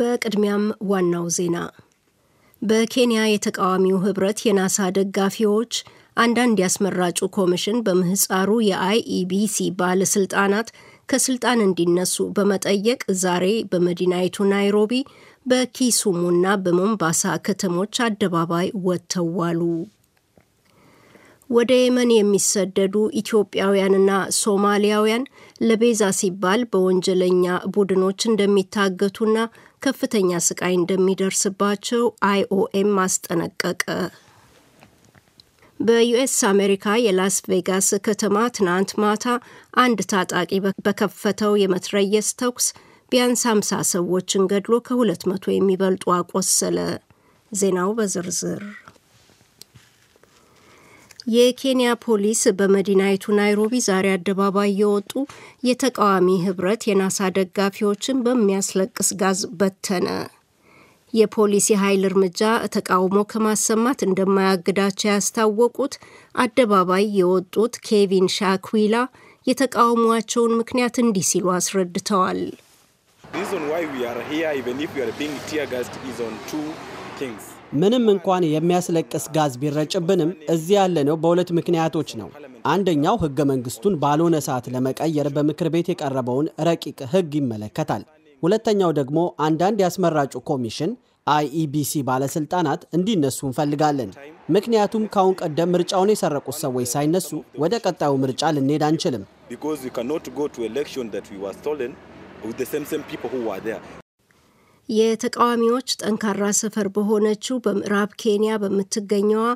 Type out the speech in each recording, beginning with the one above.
በቅድሚያም ዋናው ዜና በኬንያ የተቃዋሚው ህብረት የናሳ ደጋፊዎች አንዳንድ የአስመራጩ ኮሚሽን በምህፃሩ የአይኢቢሲ ባለስልጣናት ከስልጣን እንዲነሱ በመጠየቅ ዛሬ በመዲናይቱ ናይሮቢ በኪሱሙና በሞምባሳ ከተሞች አደባባይ ወጥተዋሉ። ወደ የመን የሚሰደዱ ኢትዮጵያውያንና ሶማሊያውያን ለቤዛ ሲባል በወንጀለኛ ቡድኖች እንደሚታገቱና ከፍተኛ ስቃይ እንደሚደርስባቸው አይኦኤም አስጠነቀቀ። በዩኤስ አሜሪካ የላስ ቬጋስ ከተማ ትናንት ማታ አንድ ታጣቂ በከፈተው የመትረየስ ተኩስ ቢያንስ 50 ሰዎችን ገድሎ ከሁለት መቶ የሚበልጡ አቆሰለ። ዜናው በዝርዝር የኬንያ ፖሊስ በመዲናይቱ ናይሮቢ ዛሬ አደባባይ የወጡ የተቃዋሚ ህብረት የናሳ ደጋፊዎችን በሚያስለቅስ ጋዝ በተነ። የፖሊስ የኃይል እርምጃ ተቃውሞ ከማሰማት እንደማያግዳቸው ያስታወቁት አደባባይ የወጡት ኬቪን ሻኩዊላ የተቃውሟቸውን ምክንያት እንዲህ ሲሉ አስረድተዋል። ዋይ ዊ አር ሂር ኢቨን ኢፍ ዊ አር ቢንግ ቲር ጋዝድ ኢዝ ኦን ቱ ምንም እንኳን የሚያስለቅስ ጋዝ ቢረጭብንም እዚህ ያለነው በሁለት ምክንያቶች ነው። አንደኛው ህገ መንግስቱን ባልሆነ ሰዓት ለመቀየር በምክር ቤት የቀረበውን ረቂቅ ህግ ይመለከታል። ሁለተኛው ደግሞ አንዳንድ ያስመራጩ ኮሚሽን አይኢቢሲ ባለስልጣናት እንዲነሱ እንፈልጋለን። ምክንያቱም ከአሁን ቀደም ምርጫውን የሰረቁት ሰዎች ሳይነሱ ወደ ቀጣዩ ምርጫ ልንሄድ አንችልም። የተቃዋሚዎች ጠንካራ ሰፈር በሆነችው በምዕራብ ኬንያ በምትገኘዋ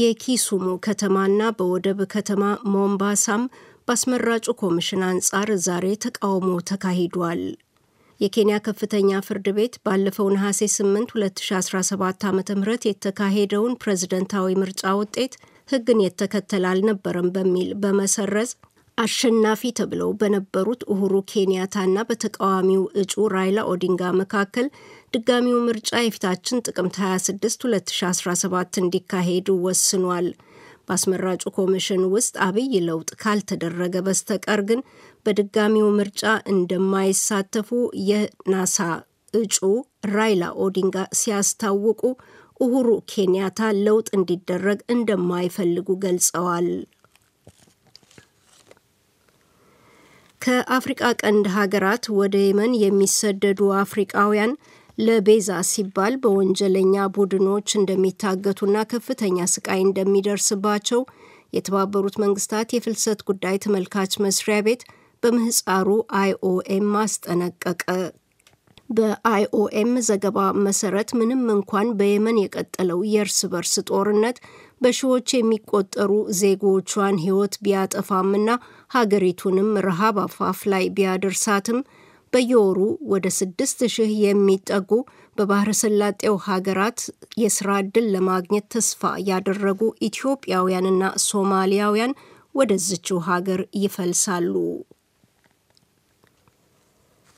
የኪሱሙ ከተማና በወደብ ከተማ ሞምባሳም በአስመራጩ ኮሚሽን አንጻር ዛሬ ተቃውሞ ተካሂዷል። የኬንያ ከፍተኛ ፍርድ ቤት ባለፈው ነሐሴ 8 2017 ዓ ም የተካሄደውን ፕሬዝደንታዊ ምርጫ ውጤት ሕግን የተከተል አልነበረም በሚል በመሰረዝ አሸናፊ ተብለው በነበሩት ኡሁሩ ኬንያታና በተቃዋሚው እጩ ራይላ ኦዲንጋ መካከል ድጋሚው ምርጫ የፊታችን ጥቅምት 26 2017 እንዲካሄድ ወስኗል። በአስመራጩ ኮሚሽን ውስጥ አብይ ለውጥ ካልተደረገ በስተቀር ግን በድጋሚው ምርጫ እንደማይሳተፉ የናሳ እጩ ራይላ ኦዲንጋ ሲያስታውቁ ኡሁሩ ኬንያታ ለውጥ እንዲደረግ እንደማይፈልጉ ገልጸዋል። ከአፍሪቃ ቀንድ ሀገራት ወደ የመን የሚሰደዱ አፍሪቃውያን ለቤዛ ሲባል በወንጀለኛ ቡድኖች እንደሚታገቱና ከፍተኛ ስቃይ እንደሚደርስባቸው የተባበሩት መንግስታት የፍልሰት ጉዳይ ተመልካች መስሪያ ቤት በምህፃሩ አይኦኤም አስጠነቀቀ። በአይኦኤም ዘገባ መሰረት ምንም እንኳን በየመን የቀጠለው የእርስ በርስ ጦርነት በሺዎች የሚቆጠሩ ዜጎቿን ሕይወት ቢያጠፋምና ሀገሪቱንም ረሃብ አፋፍ ላይ ቢያደርሳትም በየወሩ ወደ ስድስት ሺህ የሚጠጉ በባህረ ሰላጤው ሀገራት የስራ ዕድል ለማግኘት ተስፋ ያደረጉ ኢትዮጵያውያንና ሶማሊያውያን ወደዝችው ሀገር ይፈልሳሉ።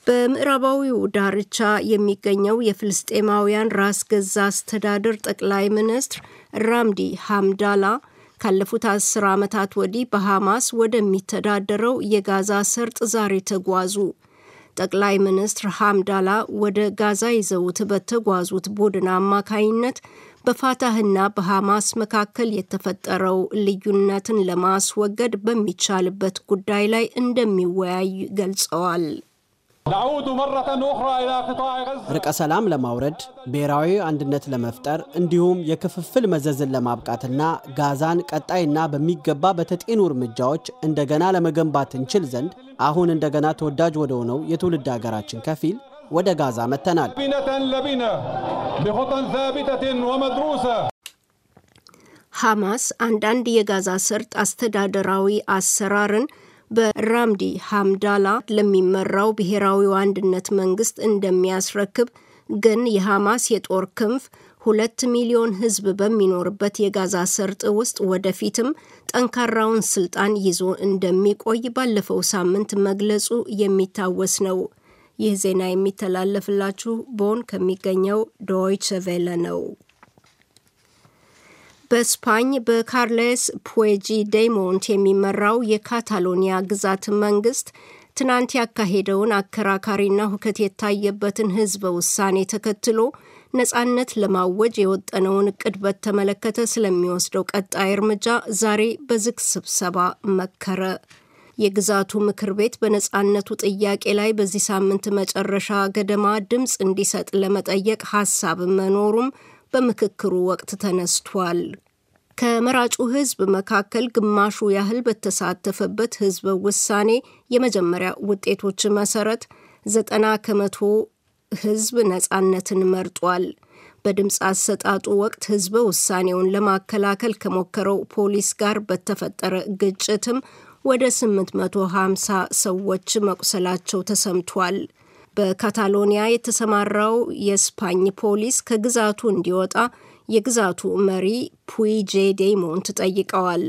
በምዕራባዊው ዳርቻ የሚገኘው የፍልስጤማውያን ራስ ገዛ አስተዳደር ጠቅላይ ሚኒስትር ራምዲ ሐምዳላ ካለፉት አስር ዓመታት ወዲህ በሐማስ ወደሚተዳደረው የጋዛ ሰርጥ ዛሬ ተጓዙ። ጠቅላይ ሚኒስትር ሐምዳላ ወደ ጋዛ ይዘውት በተጓዙት ቡድን አማካይነት በፋታህና በሐማስ መካከል የተፈጠረው ልዩነትን ለማስወገድ በሚቻልበት ጉዳይ ላይ እንደሚወያይ ገልጸዋል። ርቀ ሰላም ለማውረድ ብሔራዊ አንድነት ለመፍጠር እንዲሁም የክፍፍል መዘዝን ለማብቃትና ጋዛን ቀጣይና በሚገባ በተጤኑ እርምጃዎች እንደገና ለመገንባት እንችል ዘንድ አሁን እንደገና ተወዳጅ ወደ ሆነው የትውልድ ሀገራችን ከፊል ወደ ጋዛ መጥተናል። ሐማስ አንዳንድ የጋዛ ሰርጥ አስተዳደራዊ አሰራርን በራምዲ ሐምዳላ ለሚመራው ብሔራዊው አንድነት መንግስት እንደሚያስረክብ ግን የሐማስ የጦር ክንፍ ሁለት ሚሊዮን ህዝብ በሚኖርበት የጋዛ ሰርጥ ውስጥ ወደፊትም ጠንካራውን ስልጣን ይዞ እንደሚቆይ ባለፈው ሳምንት መግለጹ የሚታወስ ነው። ይህ ዜና የሚተላለፍላችሁ ቦን ከሚገኘው ዶይቸ ቬለ ነው። በስፓኝ በካርለስ ፑጂ ዴሞንት የሚመራው የካታሎኒያ ግዛት መንግስት ትናንት ያካሄደውን አከራካሪና ሁከት የታየበትን ህዝበ ውሳኔ ተከትሎ ነጻነት ለማወጅ የወጠነውን እቅድ በተመለከተ ስለሚወስደው ቀጣይ እርምጃ ዛሬ በዝግ ስብሰባ መከረ። የግዛቱ ምክር ቤት በነጻነቱ ጥያቄ ላይ በዚህ ሳምንት መጨረሻ ገደማ ድምፅ እንዲሰጥ ለመጠየቅ ሀሳብ መኖሩም በምክክሩ ወቅት ተነስቷል። ከመራጩ ህዝብ መካከል ግማሹ ያህል በተሳተፈበት ህዝብ ውሳኔ የመጀመሪያ ውጤቶች መሰረት ዘጠና ከመቶ ህዝብ ነጻነትን መርጧል። በድምፅ አሰጣጡ ወቅት ህዝብ ውሳኔውን ለማከላከል ከሞከረው ፖሊስ ጋር በተፈጠረ ግጭትም ወደ 850 ሰዎች መቁሰላቸው ተሰምቷል። በካታሎኒያ የተሰማራው የስፓኝ ፖሊስ ከግዛቱ እንዲወጣ የግዛቱ መሪ ፑይጄ ዴይሞንት ጠይቀዋል።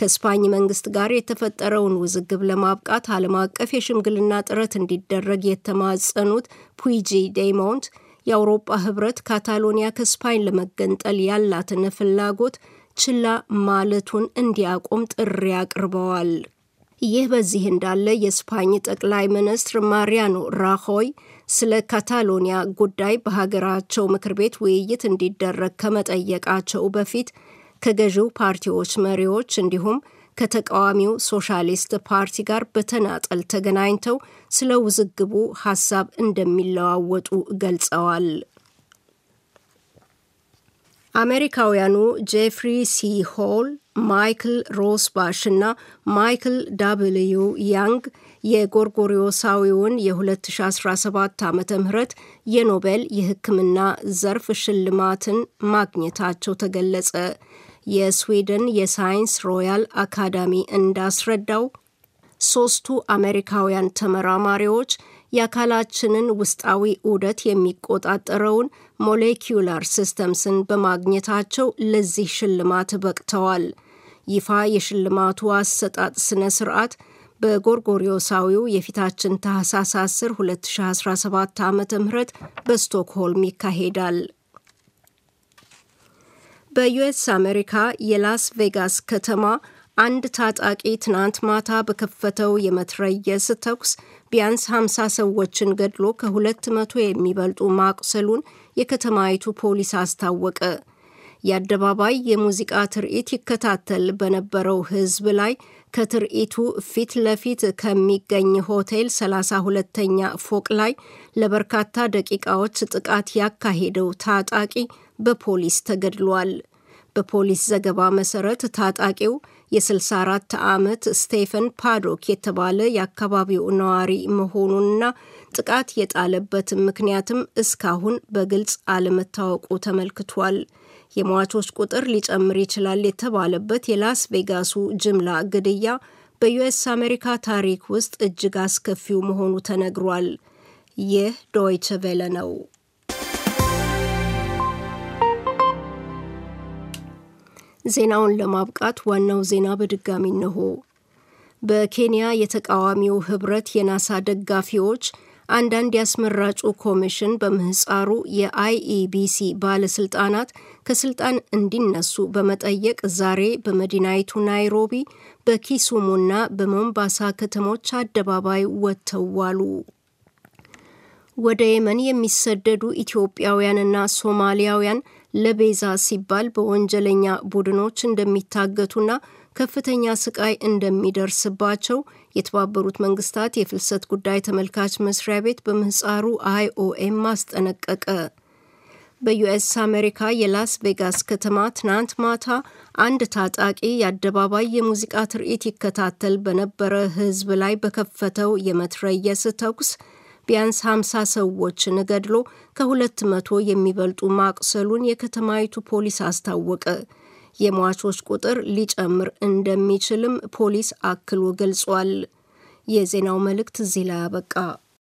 ከስፓኝ መንግስት ጋር የተፈጠረውን ውዝግብ ለማብቃት ዓለም አቀፍ የሽምግልና ጥረት እንዲደረግ የተማጸኑት ፑይጄ ዴይሞንት የአውሮጳ ህብረት ካታሎኒያ ከስፓኝ ለመገንጠል ያላትን ፍላጎት ችላ ማለቱን እንዲያቆም ጥሪ አቅርበዋል። ይህ በዚህ እንዳለ የስፓኝ ጠቅላይ ሚኒስትር ማሪያኖ ራሆይ ስለ ካታሎኒያ ጉዳይ በሀገራቸው ምክር ቤት ውይይት እንዲደረግ ከመጠየቃቸው በፊት ከገዢው ፓርቲዎች መሪዎች እንዲሁም ከተቃዋሚው ሶሻሊስት ፓርቲ ጋር በተናጠል ተገናኝተው ስለ ውዝግቡ ሀሳብ እንደሚለዋወጡ ገልጸዋል። አሜሪካውያኑ ጄፍሪ ሲ ሆል ማይክል ሮስባሽ እና ማይክል ዳብልዩ ያንግ የጎርጎሪዮሳዊውን የ2017 ዓ ም የኖቤል የሕክምና ዘርፍ ሽልማትን ማግኘታቸው ተገለጸ። የስዊድን የሳይንስ ሮያል አካዳሚ እንዳስረዳው ሶስቱ አሜሪካውያን ተመራማሪዎች የአካላችንን ውስጣዊ ዑደት የሚቆጣጠረውን ሞሌኪዩላር ሲስተምስን በማግኘታቸው ለዚህ ሽልማት በቅተዋል። ይፋ የሽልማቱ አሰጣጥ ስነ ስርዓት በጎርጎሪዮሳዊው የፊታችን ታህሳስ 10 2017 ዓ ም በስቶክሆልም ይካሄዳል። በዩኤስ አሜሪካ የላስ ቬጋስ ከተማ አንድ ታጣቂ ትናንት ማታ በከፈተው የመትረየስ ተኩስ ቢያንስ 50 ሰዎችን ገድሎ ከሁለት መቶ የሚበልጡ ማቁሰሉን የከተማይቱ ፖሊስ አስታወቀ። የአደባባይ የሙዚቃ ትርኢት ይከታተል በነበረው ሕዝብ ላይ ከትርኢቱ ፊት ለፊት ከሚገኝ ሆቴል 32ተኛ ፎቅ ላይ ለበርካታ ደቂቃዎች ጥቃት ያካሄደው ታጣቂ በፖሊስ ተገድሏል። በፖሊስ ዘገባ መሰረት ታጣቂው የ64 ዓመት ስቴፈን ፓዶክ የተባለ የአካባቢው ነዋሪ መሆኑንና ጥቃት የጣለበትም ምክንያትም እስካሁን በግልጽ አለመታወቁ ተመልክቷል። የሟቾች ቁጥር ሊጨምር ይችላል የተባለበት የላስ ቬጋሱ ጅምላ ግድያ በዩኤስ አሜሪካ ታሪክ ውስጥ እጅግ አስከፊው መሆኑ ተነግሯል። ይህ ዶይቸ ቬለ ነው። ዜናውን ለማብቃት ዋናው ዜና በድጋሚ ነሆ በኬንያ የተቃዋሚው ህብረት የናሳ ደጋፊዎች አንዳንድ ያስመራጩ ኮሚሽን በምህፃሩ የአይኢቢሲ ባለስልጣናት ከስልጣን እንዲነሱ በመጠየቅ ዛሬ በመዲናይቱ ናይሮቢ በኪሱሙና በሞምባሳ ከተሞች አደባባይ ወጥተዋሉ። ወደ የመን የሚሰደዱ ኢትዮጵያውያንና ሶማሊያውያን ለቤዛ ሲባል በወንጀለኛ ቡድኖች እንደሚታገቱና ከፍተኛ ስቃይ እንደሚደርስባቸው የተባበሩት መንግስታት የፍልሰት ጉዳይ ተመልካች መስሪያ ቤት በምህፃሩ አይኦኤም አስጠነቀቀ። በዩኤስ አሜሪካ የላስ ቬጋስ ከተማ ትናንት ማታ አንድ ታጣቂ የአደባባይ የሙዚቃ ትርኢት ይከታተል በነበረ ሕዝብ ላይ በከፈተው የመትረየስ ተኩስ ቢያንስ 50 ሰዎችን ገድሎ ከ200 የሚበልጡ ማቁሰሉን የከተማይቱ ፖሊስ አስታወቀ። የሟቾች ቁጥር ሊጨምር እንደሚችልም ፖሊስ አክሎ ገልጿል። የዜናው መልእክት እዚህ ላይ አበቃ።